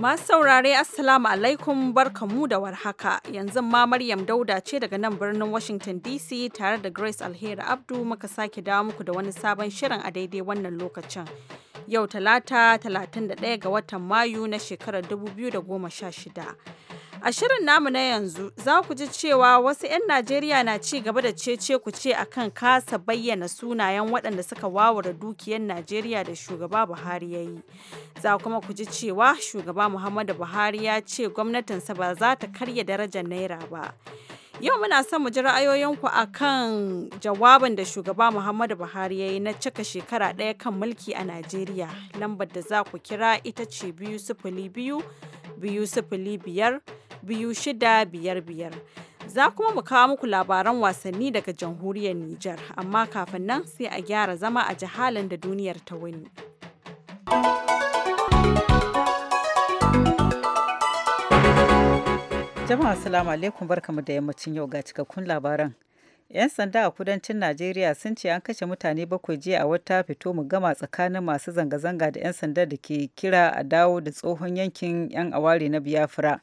Masu saurare Assalamu alaikum barkamu da warhaka yanzu ma Maryam Dauda ce daga nan birnin Washington DC tare da Grace Alheri Abdu muka sake dawo muku da wani sabon shirin a daidai wannan lokacin. Yau talata 31 ga watan Mayu na shekarar 2016. A shirin namu na yanzu za ku ji cewa wasu 'yan Najeriya na ci gaba da cece ku ce akan kasa bayyana sunayen waɗanda suka wawara dukiyar Najeriya da shugaba Buhari ya yi. Za kuma ku ji cewa shugaba Muhammadu Buhari ya ce gwamnatinsa ba za ta karya darajar Naira ba. Yau muna son mu ji ra'ayoyinku a kan jawabin da shugaba Muhammadu Buhari ya yi na cika shekara ɗaya kan mulki a Najeriya. Lambar da za ku kira ita ce biyu sifili biyu, biyu sifili biyar, biyu shida biyar biyar. Za kuma mu kawo muku labaran wasanni daga jamhuriyar Nijar, amma kafin nan sai a gyara zama a jihalin da duniyar ta wani. Jama'a assalamu alaikum barkamu da yammacin yau ga cikakkun labaran. 'Yan sanda a kudancin Najeriya sun ce an kashe mutane bakwai jiya a wata fito mu gama tsakanin masu zanga-zanga da 'yan sanda da ke kira a dawo da tsohon yankin 'yan aware na Biafra.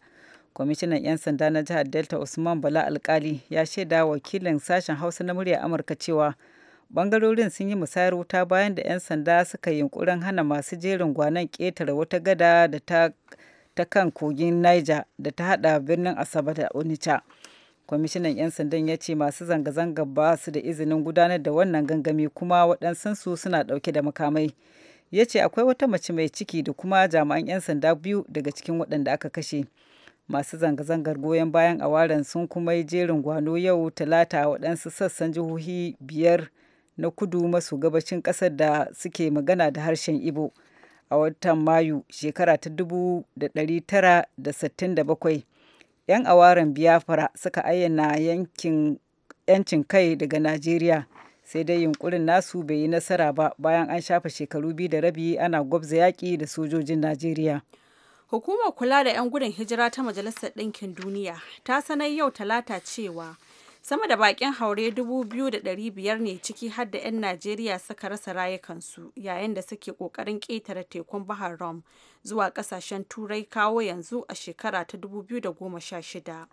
kwamishinan 'yan sanda na jihar delta usman bala alkali ya shaida wakilin sashen hausa na murya amurka cewa bangarorin sun yi musayar wuta bayan da 'yan sanda suka yunkurin hana masu jerin gwanon ƙetare wata gada da ta kan kogin niger da ta hada birnin asaba da onitsha kwamishinan 'yan sandan ya ce masu zanga-zanga ba su da izinin gudanar da wannan gangami kuma waɗansunsu suna ɗauke da makamai ya ce akwai wata mace mai ciki da kuma jami'an 'yan sanda biyu daga cikin waɗanda aka kashe masu zanga-zangar goyon bayan awaren sun kuma yi jerin gwano yau talata waɗansu sassan jihohi biyar na kudu masu gabacin ƙasar da suke magana da harshen ibo a watan mayu shekara ta 1967 'yan awaren biafra suka ayyana yankin 'yancin kai daga najeriya sai dai yunkurin nasu bai yi nasara ba bayan an shafa shekaru biyu da rabi ana gwabza yaƙi da sojojin najeriya Hukumar kula da 'yan gudun hijira ta Majalisar Ɗinkin Duniya ta sanar yau talata cewa sama da bakin haure 2,500 ne ciki har da 'yan Najeriya suka rasa rayukansu yayin da suke kokarin ƙetare tekun Bahar Rom zuwa ƙasashen Turai kawo yanzu a shekara ta 2016.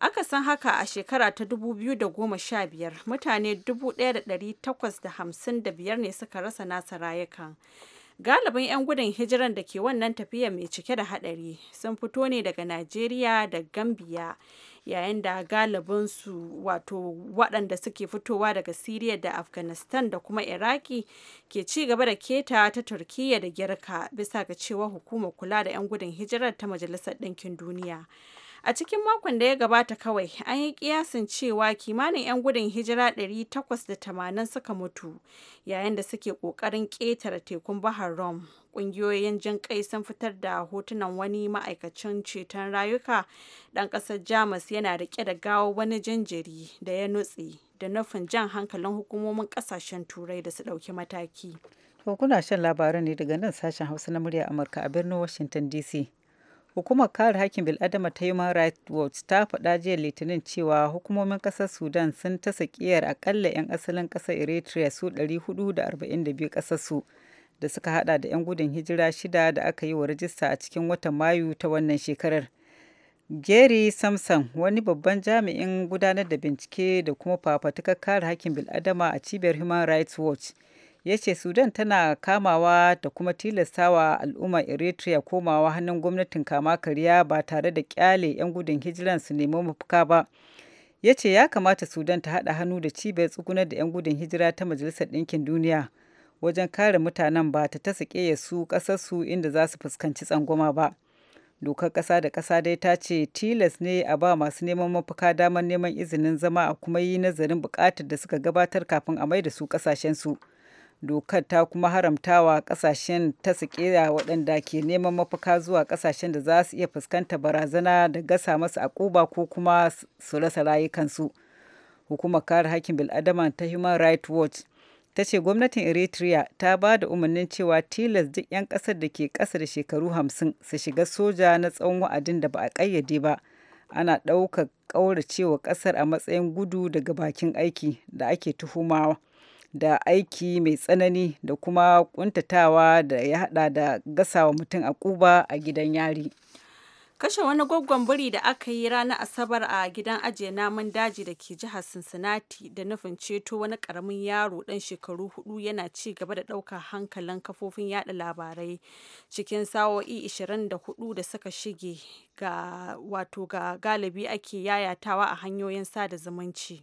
Aka san haka a shekara ta 2015 mutane 1,855 ne suka rasa nasa rayukan Galibin 'yan gudun hijiran da ke wannan tafiyar mai cike da haɗari sun fito ne daga Najeriya da Gambia. yayin da galibinsu wato waɗanda suke fitowa daga Siriya da Afghanistan da kuma Iraki ke ci gaba da keta ta Turkiyya da Girka bisa ga cewa hukumar kula da 'yan gudun hijirar ta Majalisar Ɗinkin Duniya. A cikin makon da ya gabata kawai, an yi kiyasin cewa kimanin 'yan gudun hijira 880 suka mutu yayin da suke ƙoƙarin ƙetare tekun Bahar Rom. Ƙungiyoyin jin kai sun fitar da hotunan wani ma'aikacin ceton rayuka ɗan ƙasar Jamus yana riƙe da gawo wani jinjiri da ya nutse da nufin jan hankalin hukumomin ƙasashen Turai da su ɗauki mataki. kuna shan labarin ne daga nan sashen Hausa na murya Amurka a birnin Washington DC. Hukumar kare haƙƙin bil'adama ta Human Rights Watch ta faɗa jiya Litinin cewa hukumomin ƙasar Sudan sun ta sakiyar akalla 'yan asalin ƙasar Eritrea su 442 su da suka haɗa da 'yan gudun hijira shida da aka yi wa rajista a cikin watan Mayu ta wannan shekarar. Gary Samson wani babban jami'in gudanar da bincike da kuma fafatukar kare haƙƙin bil'adama a cibiyar Human Rights Watch ya ce sudan tana kamawa da kuma tilastawa al'ummar eritrea komawa hannun gwamnatin kama karya ba tare da kyale 'yan gudun hijiran su nemo mafaka ba ya ce ya kamata sudan ta haɗa hannu da cibiyar tsugunar da 'yan gudun hijira ta majalisar ɗinkin duniya wajen kare mutanen ba ta tasa ƙeya su ƙasarsu inda za su fuskanci tsangwama ba dokar ƙasa da ƙasa dai ta ce tilas ne a ba masu neman mafuka damar neman izinin zama a kuma yi nazarin buƙatar da suka gabatar kafin a mai da su ƙasashensu dokar ta kuma haramtawa kasashen ta waɗanda ke neman mafaka zuwa kasashen da za su iya fuskanta barazana da gasa masu akuba ko kuma su rasa rayukansu hukumar kare hakkin bil'adama ta human rights watch ta ce gwamnatin eritrea ta ba da umarnin cewa tilas duk 'yan ƙasar da ke ƙasa da shekaru hamsin su shiga soja na tsawon wa'adin da ba a ƙayyade ba ana ɗaukar ƙauracewa ƙasar a matsayin gudu daga bakin aiki da ake tuhumawa da aiki mai tsanani da kuma kuntatawa da ya hada da gasawa mutum a kuba a gidan yari. Kashe wani gwaggon biri da aka yi ranar Asabar a gidan ajiye namun daji da ke jihar Cincinnati da nufin ceto wani karamin yaro ɗan shekaru hudu yana ci gaba da ɗaukar hankalin kafofin yada labarai cikin sa'o'i 24 da suka shige ga wato ga galibi ake yayatawa a hanyoyin sada zumunci.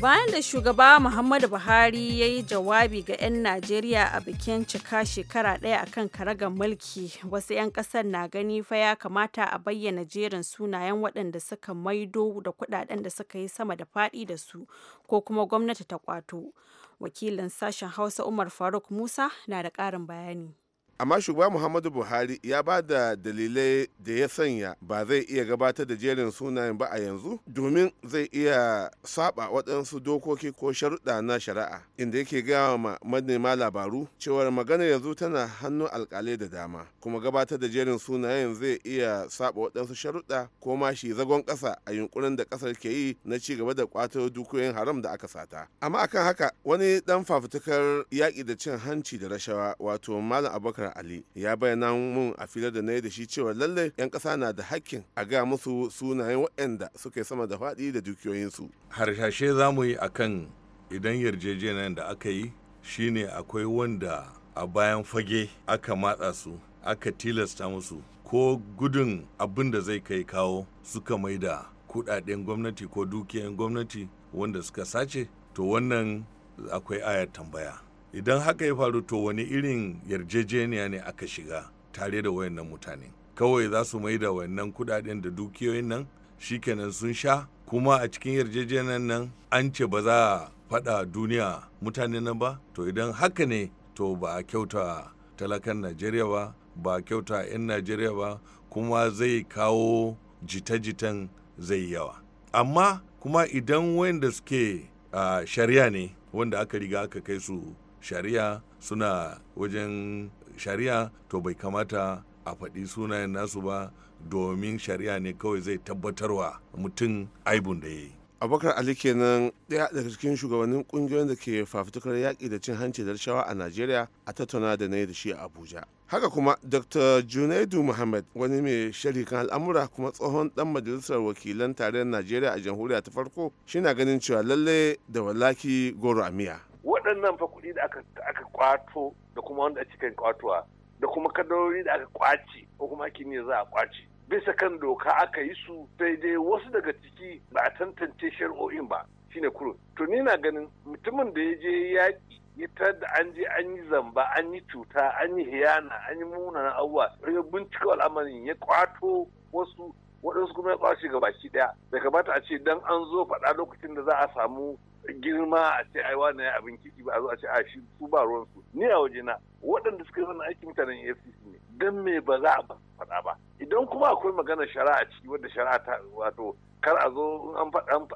bayan da shugaba muhammadu buhari ya yi jawabi ga 'yan najeriya a bikin cika shekara ɗaya kan karagar mulki wasu 'yan ƙasar na gani fa ya kamata a bayyana jerin sunayen waɗanda suka maido da kuɗaɗen da suka yi sama da faɗi da su ko kuma gwamnati ta kwato wakilin sashen hausa umar faruk musa na da ƙarin bayani amma shugaba muhammadu buhari ya ba da dalilai da ya sanya ba zai iya gabatar da jerin sunayen ba a yanzu domin zai iya saba waɗansu dokoki ko sharuɗa na shari'a inda yake gaya ma manema labaru cewar magana yanzu tana hannun alkalai da dama kuma gabatar da jerin sunayen zai iya saba waɗansu sharuɗa ko ma shi zagon ƙasa a yunkurin da ƙasar ke yi na ci gaba da ƙwato dukiyoyin haram da aka sata amma akan haka wani ɗan fafutukar yaƙi da cin hanci da rashawa wato malam abubakar Ali ya bayyana mun a filar da na yi da shi cewa lallai 'yan ƙasa na da hakkin a ga musu sunayen waɗanda suka yi sama da faɗi da dukiyoyinsu. Harshashe za mu yi akan idan yarjejeniyar da aka yi shine akwai wanda a bayan fage aka matsa su aka tilasta musu ko gudun abin da zai kai kawo suka mai da kudaden gwamnati ko dukiyan gwamnati wanda suka sace to wannan akwai ayar tambaya idan haka ya faru to wani irin yarjejeniya ne aka shiga tare da wayannan mutane kawai za su mai da wayannan kudaden da dukiyoyin nan shikenan sun sha kuma a cikin yarjejeniyan nan an ce ba za a faɗa duniya mutane nan ba to idan haka ne to ba a kyauta talakan najeriya ba ba a kyauta 'yan najeriya ba kuma zai kawo jita-jitan zai yawa amma kuma idan wayanda suke a ah, shari'a ne wanda aka riga aka kai su shari'a suna wajen shari'a to bai kamata a faɗi sunayen nasu ba domin shari'a ne kawai zai tabbatarwa mutum aibun da ya yi abubakar ali kenan ɗaya daga cikin shugabannin ƙungiyoyin da ke fafutukar yaƙi da cin hanci da rashawa a najeriya a tattauna da na yi da shi a abuja haka kuma dr junaidu muhammad wani mai shari kan al'amura kuma tsohon dan majalisar wakilan tarayyar najeriya a jamhuriya ta farko shi na ganin cewa lallai da wallaki goro a miya waɗannan fa kuɗi da aka kwato da kuma wanda cikin kwatuwa da kuma kadarori da aka kwace ko kuma ake ne za a kwace bisa kan doka aka yi su sai dai wasu daga ciki ba a tantance shari'o'in ba shine kurun to ni na ganin mutumin da ya je yaƙi ya da an je an yi zamba an yi cuta an yi hiyana an yi munanan abubuwa ya bincika al'amarin ya kwato wasu waɗansu kuma ya kwace ga baki ɗaya da kamata a ce dan an zo faɗa lokacin da za a samu girma a ce ai wani ya abin kiki ba a zo a ce a shi su ba ruwan su ni a waje na waɗanda suka yi aikin aiki mutanen AFCC ne dan me ba za a faɗa ba idan kuma akwai maganar shari'a ciki wadda shari'a ta wato kar a zo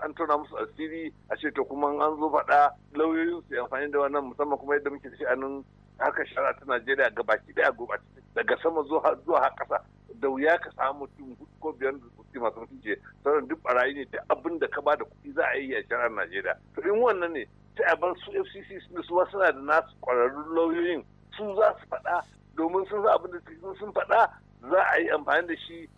an tona musu asiri a ce to kuma an zo faɗa lauyoyin su amfani da wannan musamman kuma yadda muke da shi a nan haka shari'a ta Najeriya gabaki daya gobe daga sama zuwa zuwa ƙasa da wuya ka samu mutum ko biyar da kuɗi masu mutunci sannan duk barayi ne da abin da ka ba da kuɗi za a yi a shirar Najeriya to in wannan ne ta a bar su FCC su ma suna da nasu kwararrun lauyoyin su za su faɗa domin sun za abin da sun faɗa za a yi amfani da shi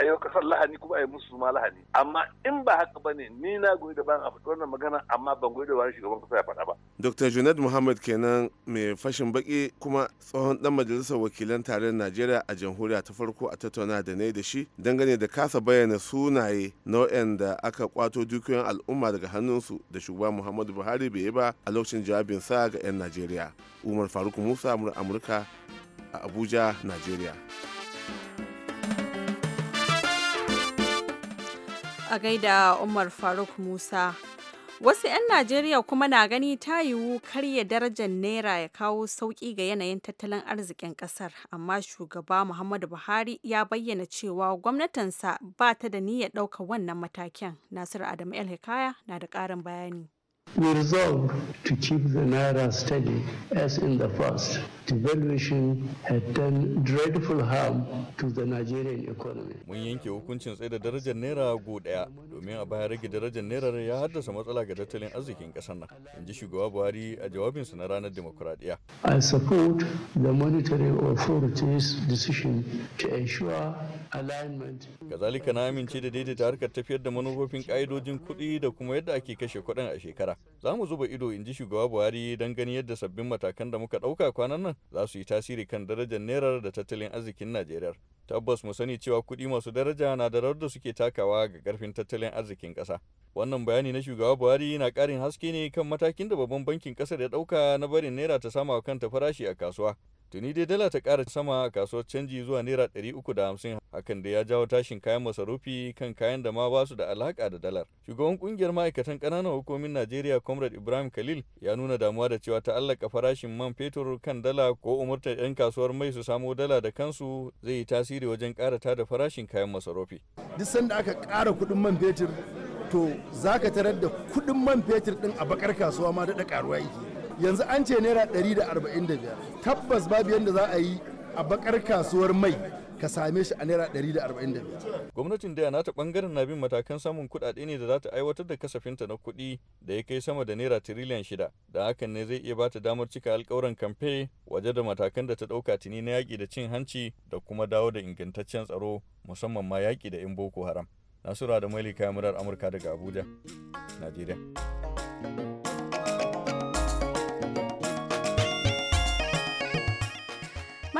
a yau kasar lahani kuma a yi musu ma lahani amma in ba haka ba ne ni na goyi da ban a fito wannan magana amma ban goyi da wani shugaban kasa ya faɗa ba. dr junaid muhammad kenan mai fashin baki kuma tsohon dan majalisar wakilan tarayyar najeriya a jamhuriya ta farko a tattauna da na da shi dangane da kasa bayyana sunaye nau'in da aka kwato dukiyoyin al'umma daga hannunsu da shugaban muhammadu buhari bai yi ba a lokacin jawabinsa ga 'yan najeriya umar faruk musa amurka a abuja najeriya. A gaida Umar Faruk Musa. Wasu 'yan Najeriya kuma na gani ta yiwu karya darajar Naira ya kawo sauƙi ga yanayin tattalin arzikin ƙasar, amma shugaba Muhammadu Buhari ya bayyana cewa gwamnatinsa ba ta da niyyar ɗaukar wannan matakin. Nasiru Adamu El Hikaya na da ƙarin bayani. We resolved to keep the naira steady as in the past. Devaluation had done dreadful harm to the Nigerian economy. Mun yanke hukuncin tsaye da darajar naira go daya domin a baya rage darajar naira ya haddasa matsala ga tattalin arzikin kasar nan, ji shugaba Buhari a jawabinsa na ranar demokuraɗiyya. I support the monetary authority's decision to ensure Kazalika na amince da daidaita harkar tafiyar da manufofin ƙa'idojin kuɗi da kuma yadda ake kashe kuɗin a shekara. Za mu zuba ido in ji shugaba Buhari don ganin yadda sabbin matakan da muka ɗauka kwanan nan za su yi tasiri kan darajar nerar da tattalin arzikin Najeriya. Tabbas mu sani cewa kuɗi masu daraja na da rawar da suke takawa ga ƙarfin tattalin arzikin ƙasa. Wannan bayani na shugaba Buhari na ƙarin haske ne kan matakin da babban bankin ƙasar ya ɗauka na barin naira ta sama kanta farashi a kasuwa. Tuni dai dala ta ƙara sama a kasuwar canji zuwa naira 350 hakan da ya jawo tashin kayan masarufi kan kayan da ma ba su da alaka da dalar shugaban kungiyar ma'aikatan kananan hukumomin najeriya comrade ibrahim khalil ya nuna damuwa da cewa ta'allaka farashin man fetur kan dala ko umurta 'yan kasuwar mai su samo dala da kansu zai yi tasiri wajen ƙara tada farashin kayan masarufi duk sanda aka ƙara kuɗin man fetur to za ka tarar da kuɗin man fetur ɗin a bakar kasuwa ma daɗa ƙaruwa yake yanzu an ce naira 145 tabbas babu yadda za a yi a bakar kasuwar mai ka same shi a naira 145 gwamnatin da na ta bangaren na bin matakan samun kudade ne da za ta aiwatar da kasafinta na kudi da ya kai sama da naira tiriliyan shida da hakan ne zai iya bata damar cika alkawuran kamfe waje da matakan da ta ɗauka tuni na yaki da cin hanci da kuma dawo da ingantaccen tsaro musamman ma yaki da 'yan boko haram nasura da mailika murar amurka daga abuja najeriya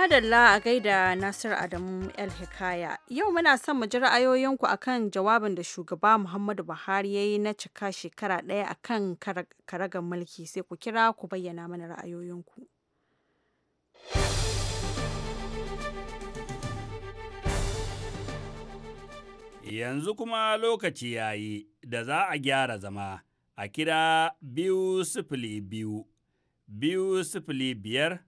Madalla a gaida Nasir Adamu El Hikaya. Yau muna son mu ji ra'ayoyinku akan jawabin da shugaba Muhammadu Buhari ya yi na cika shekara ɗaya akan karagar mulki sai ku kira ku bayyana mana ra'ayoyinku. Yanzu kuma lokaci ya yi da za a gyara zama a kira biyu sifili biyu, biyu sifili biyar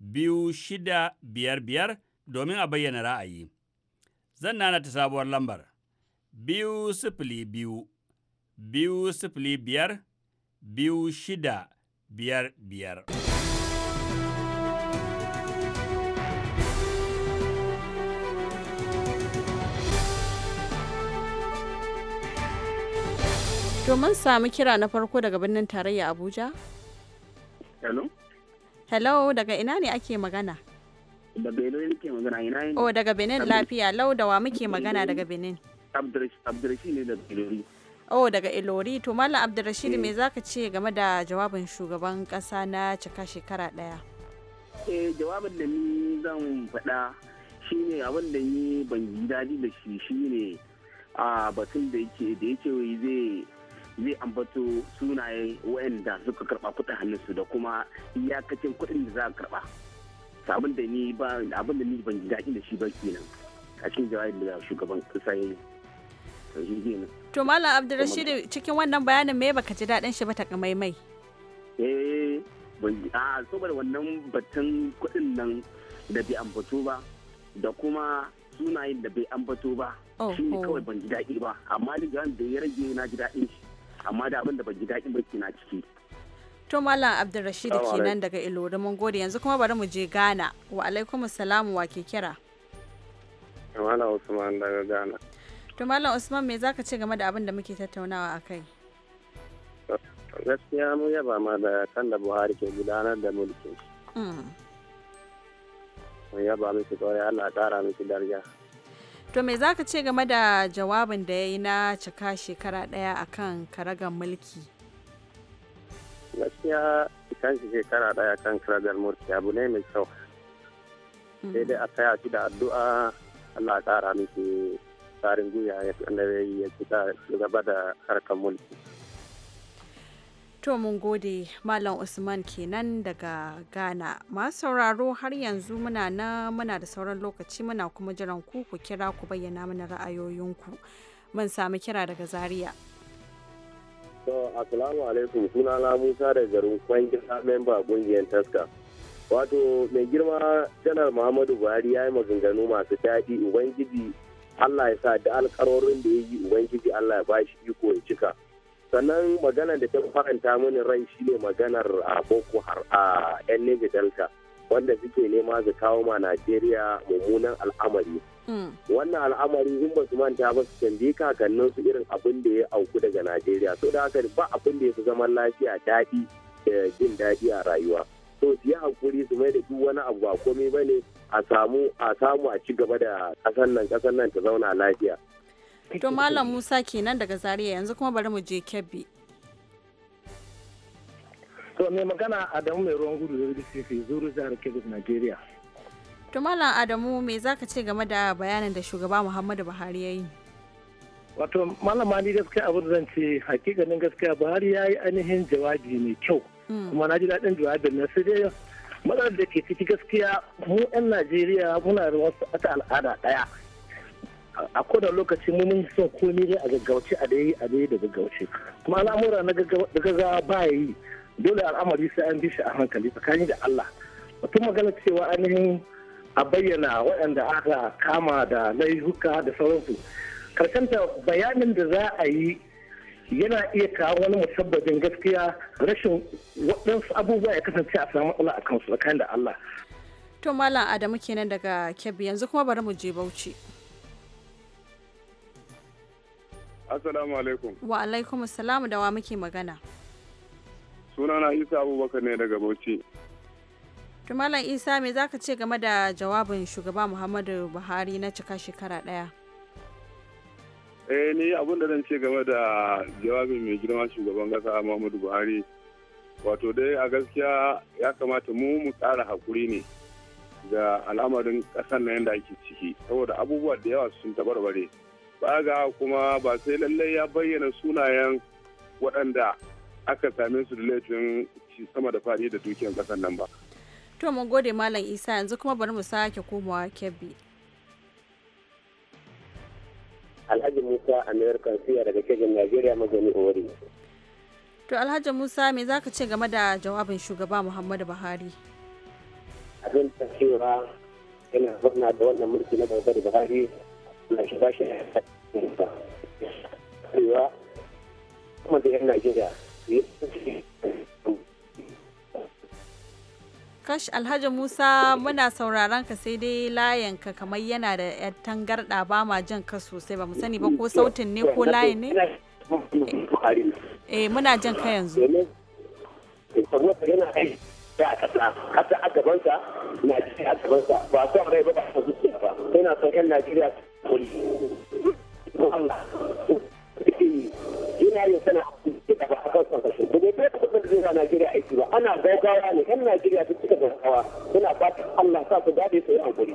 biyu shida biyar biyar domin a bayyana ra'ayi. Zan nana ta sabuwar lambar biyu sifili biyu, biyu sifili biyar, biyu shida biyar biyar. Domin samu kira na farko daga birnin tarayya Abuja? Hello? Hello, daga ina ne ake magana? Da Benin ke magana ina ne? Oh, daga Benin lafiya. Lau da wa muke magana daga Benin? Abdurrashid ne daga Ilori. Oh, daga Ilori. To Malam Abdurrashid me eh. zaka ce game da jawabin shugaban kasa na cika shekara daya? Eh, jawabin da ni zan faɗa shine abin da ni ban yi daɗi da shi shine a ah, batun da yake da yake zai zai ambato sunayen waɗanda suka karɓa hannun hannunsu da kuma iyakacin kuɗin da za a karba sabon da ni ba abin da ni ban ji daɗi da shi ba kenan a cikin jawabin da shugaban kasa ya yi to malam abdurrashid cikin wannan bayanin me baka ji daɗin shi ba ta mai eh a saboda wannan batun kuɗin nan da bai ambato ba da kuma sunayen da bai ambato ba shi ne kawai ban ji daɗi ba amma ni da ya rage na ji daɗin shi amma da abin da ban ji daɗin ba na ciki to malam abdulrashid kenan daga ilori mun gode yanzu kuma bari mu je ghana wa alaikum salam wa ke kira malam usman daga ghana to malam usman me zaka ce game da abin da muke tattaunawa a kai gaskiya mu yaba ma da kan da buhari ke gudanar da mulkin mm. mun yaba miki kwarai allah kara miki darja To me za ka ce game da jawabin da ya yi na cika shekara daya a kan karagar mulki? Gaskiya cikan shekara ɗaya kan karagar mulki abu ne mai kyau. Mm. Sai dai a kaya shi da addu'a Allah ya ƙara miki tsarin guya ya ya cika gaba da harkar mulki. To mun gode Malam Usman kenan daga Ghana. Masu sauraro har yanzu muna na muna da sauran lokaci muna kuma jiran ku ku kira ku bayyana mana ra'ayoyinku. Mun sami kira daga Zaria. To, Assalamu alaikum suna na Musa da garin memba kungiyar taska. Wato, mai girma janar Muhammadu Buhari ya yi maganganu masu daɗi Ubangiji Allah ya sa da alƙarorin da ya yi Ubangiji Allah ya bashi iko ya cika. sannan maganar da ta faranta mini rai shine maganar a a yan nege delta wanda suke nema su kawo ma najeriya mummunan al'amari hmm. wannan al'amari in ba su manta ba su tambayi kakannin su irin abin da ya auku daga najeriya so da haka ba abin da ya fi zaman lafiya daɗi da jin daɗi a rayuwa so su yi hakuri su mai da duk wani abu ba komai ba ne a samu a samu a ci gaba da kasan nan kasan nan ta zauna lafiya To Malam Musa kenan daga Zaria yanzu kuma bari mu je Kebbi. To mai magana Adamu mai ruwan gudu zuru fi zuru jihar Kebbi Najeriya. To Malam Adamu me ka ce game da bayanin da shugaba Muhammadu Buhari ya yi? Wato malama ni gaskiya abin zan ce hakikanin gaskiya Buhari ya yi ainihin jawabi mai kyau. Hmm. Kuma na ji daɗin jawabin na sai dai matsalar da ke ciki gaskiya mu 'yan Najeriya muna da wasu al'ada ɗaya. a koda lokaci mun son komai ne a gaggauce a dai a dai da gaggauce kuma al'amura na gaggawa ba yi dole al'amari sai an bi shi a hankali tsakani da Allah mutum magana cewa ainihin a bayyana waɗanda aka kama da laifuka da sauransu karkanta bayanin da za a yi yana iya kawo wani musabbabin gaskiya rashin waɗansu abubuwa ya kasance a samu matsala a kansu tsakanin da Allah. To Malam Adamu kenan daga Kebbi yanzu kuma bari mu je Bauchi. Assalamu alaikum. Wa alaikum assalamu da wa muke magana. Sunana Isa Abubakar ne daga Bauchi. tumalan Isa me zaka ce game da jawabin shugaba Muhammadu Buhari na cika shekara ɗaya? Eh ni abin da zan ce game da jawabin mai girma shugaban ƙasa Muhammadu Buhari wato dai a gaskiya ya kamata mu mu ƙara hakuri ne ga al'amarin ƙasar na yadda ake ciki saboda abubuwa da yawa sun tabarbare. baga kuma ba sai lallai ya bayyana sunayen waɗanda aka same su da laifin ci sama da fari da dukiyar ƙasar nan ba. To mun gode Malam Isa yanzu kuma bari mu sake komawa Kebbi. Alhaji Musa American Siya daga Kejin Najeriya mazauni Ori. To Alhaji Musa me ka ce game da jawabin shugaba Muhammadu Buhari? Abin da cewa yana murna da wannan mulki na Buhari Kash Alhaji Musa muna sauraron ka sai dai layan ka kamar yana da yan tangarda ba ma jin ka sosai ba mu sani ba ko sautin ne ko layin ne? Eh muna jin ka yanzu. a gabansa na a gabansa ba rai ba ba su ba sai na son yan najeriya yana yin sana da ba a kan kasashe da bai bai kudin zai na Najeriya aiki ba ana gaugawa ne yan Najeriya su cika gaugawa suna fatan Allah sa su dade su yi hankuri.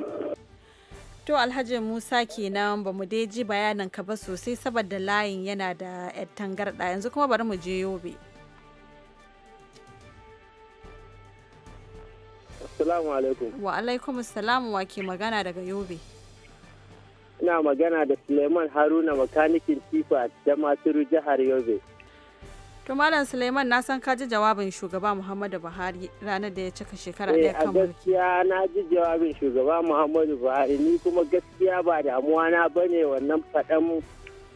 To Alhaji Musa kenan ba mu dai ji bayanin ka ba sosai saboda layin yana da tangarɗa yanzu kuma bari mu je Yobe. Assalamu alaikum. Wa alaikum assalam wa ke magana daga Yobe. ina magana da Suleiman Haruna makanikin tifa da masu jihar Yobe. To Malam Suleiman na san ka ji jawabin shugaba Muhammadu Buhari ranar da ya cika shekara eh, ɗaya kan mulki. gaskiya na ji jawabin shugaba Muhammadu Buhari ni kuma gaskiya ba damuwa na bane wannan faɗan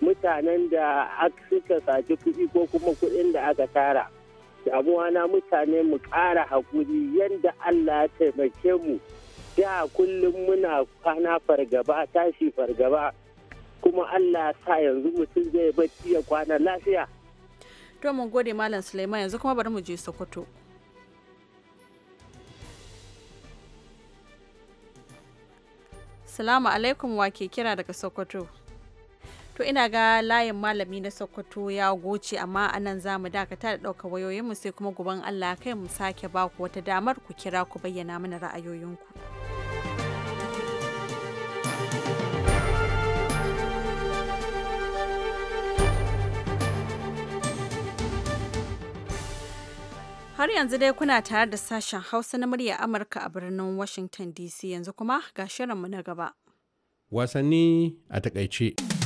mutanen da aka suka saci kuɗi ko kuma kuɗin da aka tara. Damuwa na mutane mu kara hakuri yadda Allah ya taimake mu. da kullum muna kwana fargaba tashi fargaba kuma Allah sa yanzu mutum zai bacci ya kwana lafiya. To mun gode Malam Suleiman yanzu kuma bari mu je Sokoto. Salamu alaikum wa ke kira daga Sokoto. To ina ga layin malami na Sokoto ya goce amma anan za mu dakata da ɗauka wayoyinmu sai kuma guban Allah kai mu sake baku wata damar ku kira ku bayyana mana ra'ayoyinku. Har yanzu dai kuna tare da sashen Hausa na murya Amurka a birnin Washington DC yanzu kuma ga shirinmu na gaba. Wasanni a takaice.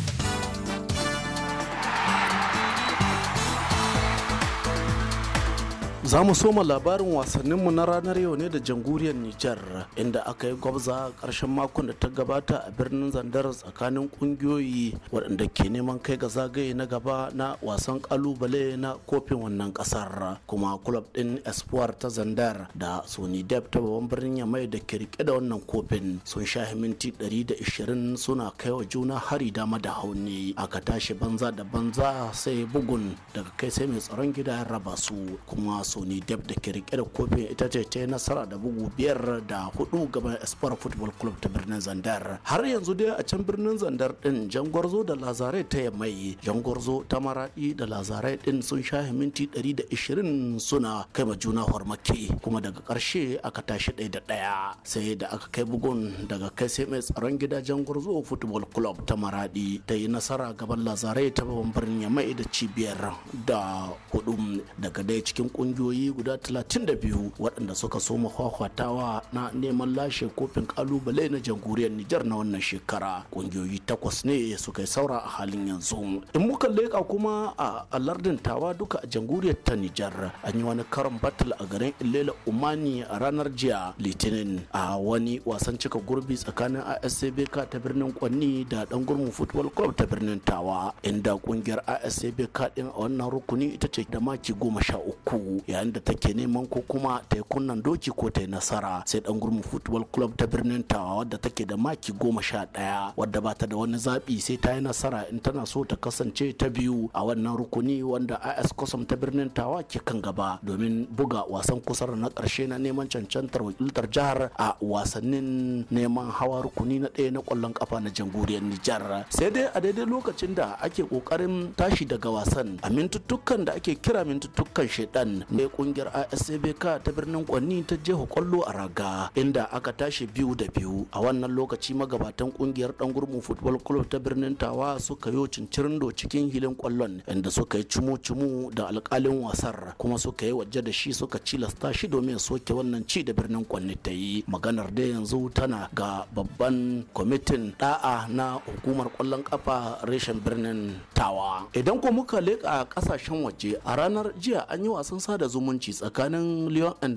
Za mu soma labarin wasanninmu na ranar yau ne da jamhuriyar Nijar inda aka yi gwabza ƙarshen makon da ta gabata a birnin Zandar tsakanin ƙungiyoyi waɗanda ke neman kai ga zagaye na gaba na wasan ƙalubale na kofin wannan ƙasar kuma kulab ɗin Espoir ta Zandar da Sony Dep ta babban birnin Yamai da ke da wannan kofin sun sha minti ɗari da ishirin suna kai wa juna hari dama da hauni aka tashi banza da banza sai bugun daga kai sai mai tsaron gida ya raba su kuma sony deb da ke rike kofin ita ce ta nasara da bugu biyar da hudu gaba espoir football club ta birnin zandar har yanzu dai a can birnin zandar din gwarzo da lazare ta yammai gwarzo ta maradi da lazare din sun sha minti 120 suna kai ma juna hormaki kuma daga karshe aka tashi ɗaya da ɗaya sai da aka kai bugun daga kai sai mai tsaron gida jan gwarzo football club ta maradi ta yi nasara gaban lazare ta babban birnin yammai da cibiyar da hudu daga dai cikin ƙungiyoyi. kungiyoyi guda 32 waɗanda suka soma kwakwatawa na neman lashe kofin kalubale na jamhuriyar Nijar na wannan shekara. Kungiyoyi takwas ne suka yi saura a halin yanzu. In muka leƙa kuma a alardin tawa duka a jamhuriyar ta Nijar an yi wani karon battle a garin Ilela Umani a ranar jiya Litinin a wani wasan cika gurbi tsakanin ASCBK ta birnin Kwanni da ɗan gurmin Football Club ta birnin Tawa inda kungiyar ASCBK ɗin a wannan rukuni ita ce da maki goma sha uku yayin da take neman ko kuma ta yi kunnan doki ko ta yi nasara sai dan gurmu football club ta birnin tawa wadda take da maki goma sha ɗaya wadda ba ta da wani zaɓi sai ta yi nasara in tana so ta kasance ta biyu a wannan rukuni wanda is kosom ta birnin tawa ke kan gaba domin buga wasan kusar na karshe na neman cancantar wakiltar jihar a wasannin neman hawa rukuni na ɗaya na kwallon kafa na jamhuriyar nijar sai dai a daidai lokacin da ake ƙoƙarin tashi daga wasan a mintuttukan da ake kira mintuttukan shaidan ne ne kungiyar ISABK ta birnin Kwanni ta jeho kwallo a raga inda aka tashi biyu da biyu a wannan lokaci magabatan kungiyar dan gurmun football club ta birnin Tawa suka yi cincirindo cikin hilin kwallon inda suka yi cumu cumu da alkalin wasar kuma suka yi waje da shi suka ci cilasta shi domin soke wannan ci da birnin Kwanni ta yi maganar da yanzu tana ga babban kwamitin da'a na hukumar kwallon kafa reshen birnin Tawa idan ko muka leka kasashen waje a ranar jiya an yi wasan sada zumunci tsakanin Lyon and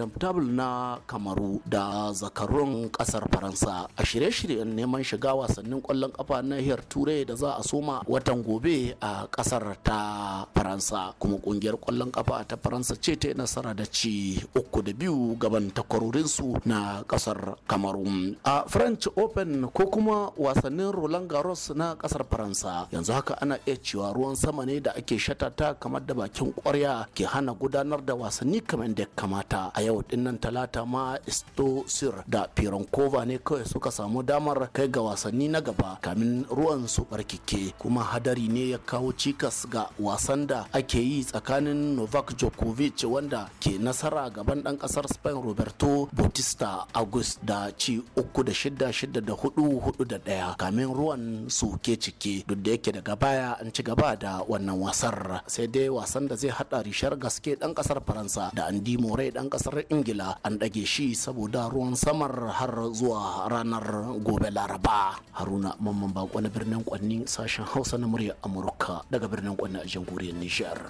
na Kamaru da zakarun kasar Faransa a shirye-shiryen neman shiga wasannin kwallon kafa na nahiyar Turai da za a soma watan gobe a kasar ta Faransa kuma kungiyar kwallon kafa ta Faransa ce ta nasara da ci uku da biyu gaban su na kasar Kamaru a French Open ko kuma wasannin Roland Garros na kasar Faransa yanzu haka ana iya cewa ruwan sama ne da ake shatata kamar da bakin kwarya ke hana gudanar da wasanni kamar da kamata a yau dinnan talata ma istosir da firankova ne kawai suka samu damar kai ga wasanni na gaba kamin ruwan su barkike kuma hadari ne ya kawo cikas ga wasan da ake yi tsakanin novak djokovic wanda ke nasara gaban dan kasar spain roberto bautista august da ci uku da shida shida da hudu hudu da daya kamin ruwan su ke cike duk da yake daga baya an ci gaba da wannan wasar sai dai wasan da zai hada rishar gaske dan kasar faransa da andi morai dan kasar ingila an ɗage shi saboda ruwan samar har zuwa ranar gobe laraba haruna mamman bako na birnin kwanni sashen hausa na murya amurka daga birnin kwanni a jamhuriyar nijar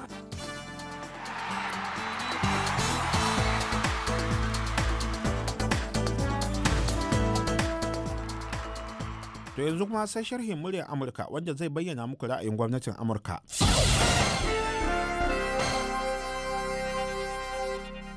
To yanzu kuma sai sharhin muryar Amurka wanda zai bayyana muku ra'ayin gwamnatin Amurka.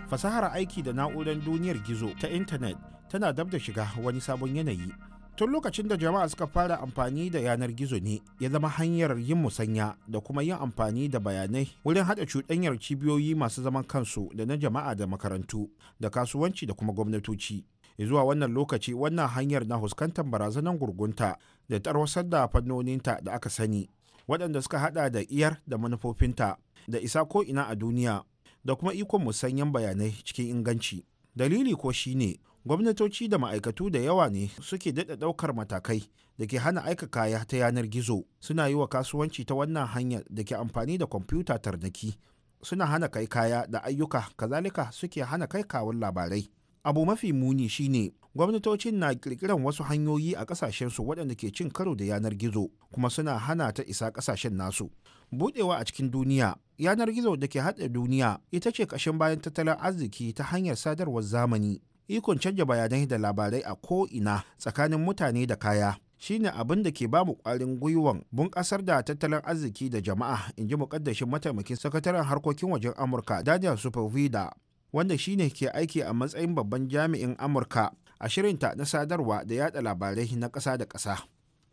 fasahar aiki da na'urar duniyar gizo ta intanet tana dab da shiga wani sabon yanayi tun lokacin da jama'a suka fara amfani da yanar gizo ne ya zama hanyar yin musanya da kuma yin amfani da bayanai wurin haɗa cuɗanyar cibiyoyi masu zaman kansu da na jama'a da makarantu da kasuwanci da kuma gwamnatoci zuwa wannan lokaci wannan hanyar na huskantar barazanar gurgunta da tarwasar da fannoninta da aka sani waɗanda suka haɗa da iyar da manufofinta da isa ko ina a duniya da kuma ikon musanyen bayanai cikin inganci dalili ko shi ne gwamnatoci da ma'aikatu da yawa ne suke daɗa ɗaukar matakai da ke hana aika kaya ta yanar gizo suna yi wa kasuwanci ta wannan hanyar da ke amfani da kwamfuta tarnaki suna hana kai kaya da ayyuka kazalika suke hana kai kawun labarai abu mafi muni shi ne. gwamnatocin na kirkiran wasu hanyoyi a kasashensu waɗanda ke cin karo da yanar gizo kuma suna hana ta isa kasashen nasu budewa a cikin duniya yanar gizo da ke haɗa duniya ita ce ƙashin bayan tattalin arziki ta hanyar sadarwar zamani ikon canja bayanai da labarai a ko ina tsakanin mutane da kaya shine abin da ke ba mu kwarin gwiwan bunƙasar da tattalin arziki da jama'a in ji mukaddashin mataimakin sakataren harkokin wajen amurka daniel supervida wanda shine ke aiki a matsayin babban jami'in amurka a shirinta na sadarwa da yada labarai na ƙasa da ƙasa.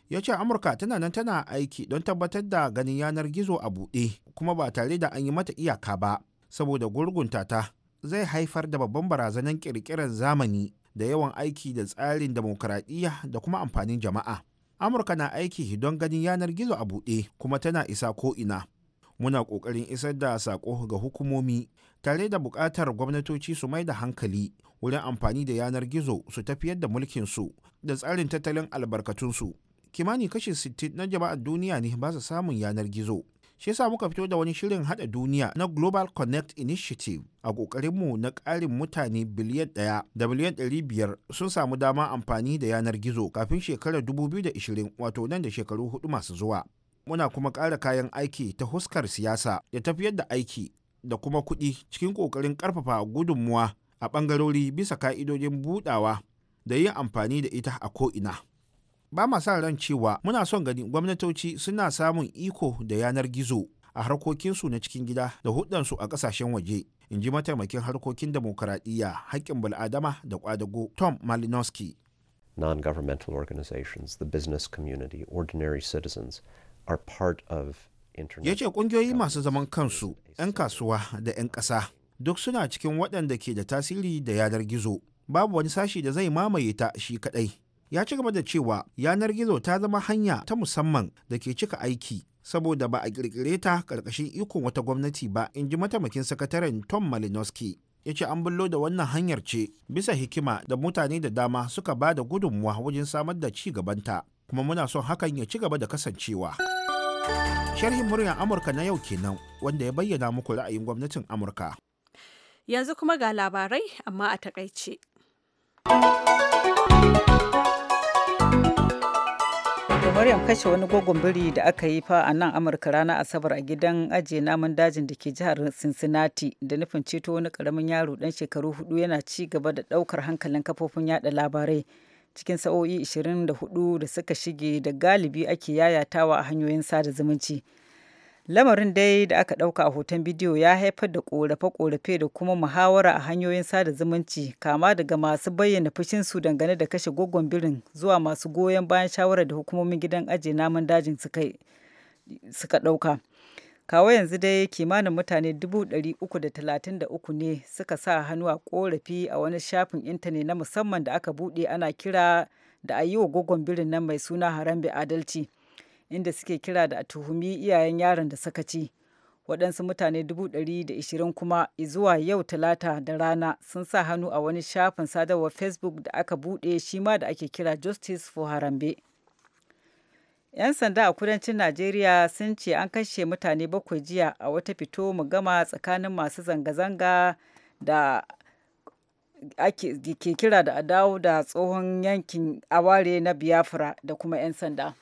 Ya ce Amurka tana nan tana aiki don tabbatar da ganin yanar gizo a buɗe kuma ba tare da an yi mata iyaka ba, saboda gurgunta ta zai haifar da babban barazanar ƙirƙirar zamani da yawan aiki da tsarin demokuraɗiyya da kuma amfanin jama'a. Amurka na aiki don ganin yanar gizo a buɗe kuma tana isa ko'ina. Muna ƙoƙarin isar da saƙo ga hukumomi tare da buƙatar gwamnatoci su mai da hankali wurin amfani da yanar gizo su tafiyar da mulkinsu da tsarin tattalin albarkatunsu kimani kashi 60 na jama'ar duniya ne ba su samun yanar gizo shi yasa muka fito da wani shirin hada duniya na global connect initiative a kokarinmu na karin mutane biliyan ɗaya da biliyan ɗari biyar sun samu dama amfani da yanar gizo kafin shekarar 2020 wato nan da shekaru hudu masu zuwa muna kuma ƙara kayan aiki ta huskar siyasa da tafiyar da aiki da kuma kuɗi cikin ƙoƙarin ƙarfafa gudunmuwa a ɓangarori bisa ka'idojin budawa da yin amfani da ita a ko'ina. Ba ma sa ran cewa muna son gani gwamnatoci suna samun iko da yanar gizo a harkokinsu na cikin gida da hudansu a ƙasashen waje, in ji mataimakin harkokin demokuraɗiyya haƙƙin bal'adama da ƙwadago Tom Malinowski. Non-governmental organizations, the business community, ordinary citizens are part of ya ce ƙungiyoyi masu zaman kansu 'yan kasuwa da 'yan ƙasa duk suna cikin waɗanda ke da tasiri da yanar gizo babu wani sashi da zai mamaye ta shi kaɗai ya ci gaba da cewa yanar gizo ta zama hanya ta musamman da ke cika aiki saboda ba a ƙirƙire ta ƙarƙashin ikon wata gwamnati ba in ji mataimakin sakataren tom malinowski ya ce an bullo da wannan hanyar ce bisa hikima da mutane da dama suka ba da gudunmuwa wajen samar da ci gabanta kuma muna son hakan ya ci gaba da kasancewa sharhin muryar amurka na yau kenan wanda ya bayyana muku ra'ayin gwamnatin amurka Yanzu kuma ga labarai amma a takaice. Maryam kashe wani gogon biri da aka yi fa a nan Amurka ranar Asabar a gidan ajiye namun dajin da ke jihar Cincinnati da nufin ceto wani karamin yaro dan shekaru hudu yana ci gaba da daukar hankalin kafofin yada labarai cikin sa'o'i 24 da suka shige da galibi ake yayatawa a hanyoyin sada zumunci. lamarin dai da aka ɗauka a hoton bidiyo ya haifar da ƙorafe-ƙorafe da kuma muhawara a hanyoyin sada zumunci kama daga masu bayyana fushinsu dangane da kashe gogon birin zuwa masu goyon bayan shawarar da hukumomin gidan ajiye namun dajin suka ɗauka kawo yanzu dai kimanin mutane 333 ne suka sa hannu a ƙorafi a wani shafin intanet na musamman da aka buɗe ana kira da a yi wa gogon birin nan mai suna harambe adalci inda suke kira da a tuhumi iyayen yaron da sakaci waɗansu mutane 120 kuma zuwa yau talata da rana sun sa hannu a wani shafin sadarwar facebook da aka buɗe shi ma da ake kira justice for harambe 'yan sanda a kudancin najeriya sun ce an kashe mutane bakwai jiya a wata fito mu gama tsakanin masu zanga-zanga da ake kira da adawo da tsohon yankin aware na biafra da kuma 'yan sanda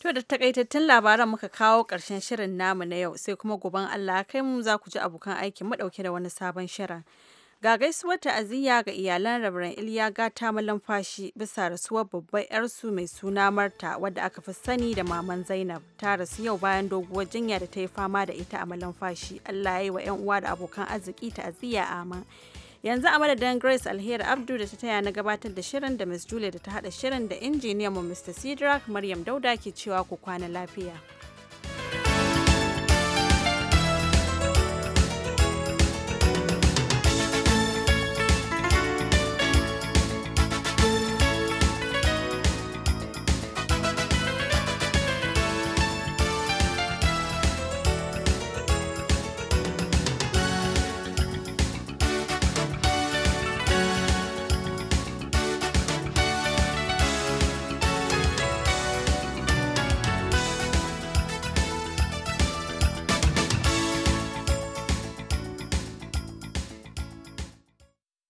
To da takaitattun labaran muka kawo ƙarshen shirin namu na yau sai kuma goben Allah kai mu za ku ji abokan aikin mu dauke da wani sabon shirin. Ga gaisuwar ta'aziyya ga iyalan rabaran Iliya gata malamfashi bisa rasuwar babbar yarsu mai suna Marta wadda aka fi sani da maman Zainab ta rasu yau bayan doguwar jinya da ta yi fama da ita a malamfashi. Allah ya yi wa 'yan uwa da abokan arziki ta'aziyya amin. yanzu a madadin grace alheri abdu da ta taya na gabatar da shirin da miss julia da ta hada shirin da injiniyan mu mr cedric maryam dauda ke cewa ku kwana lafiya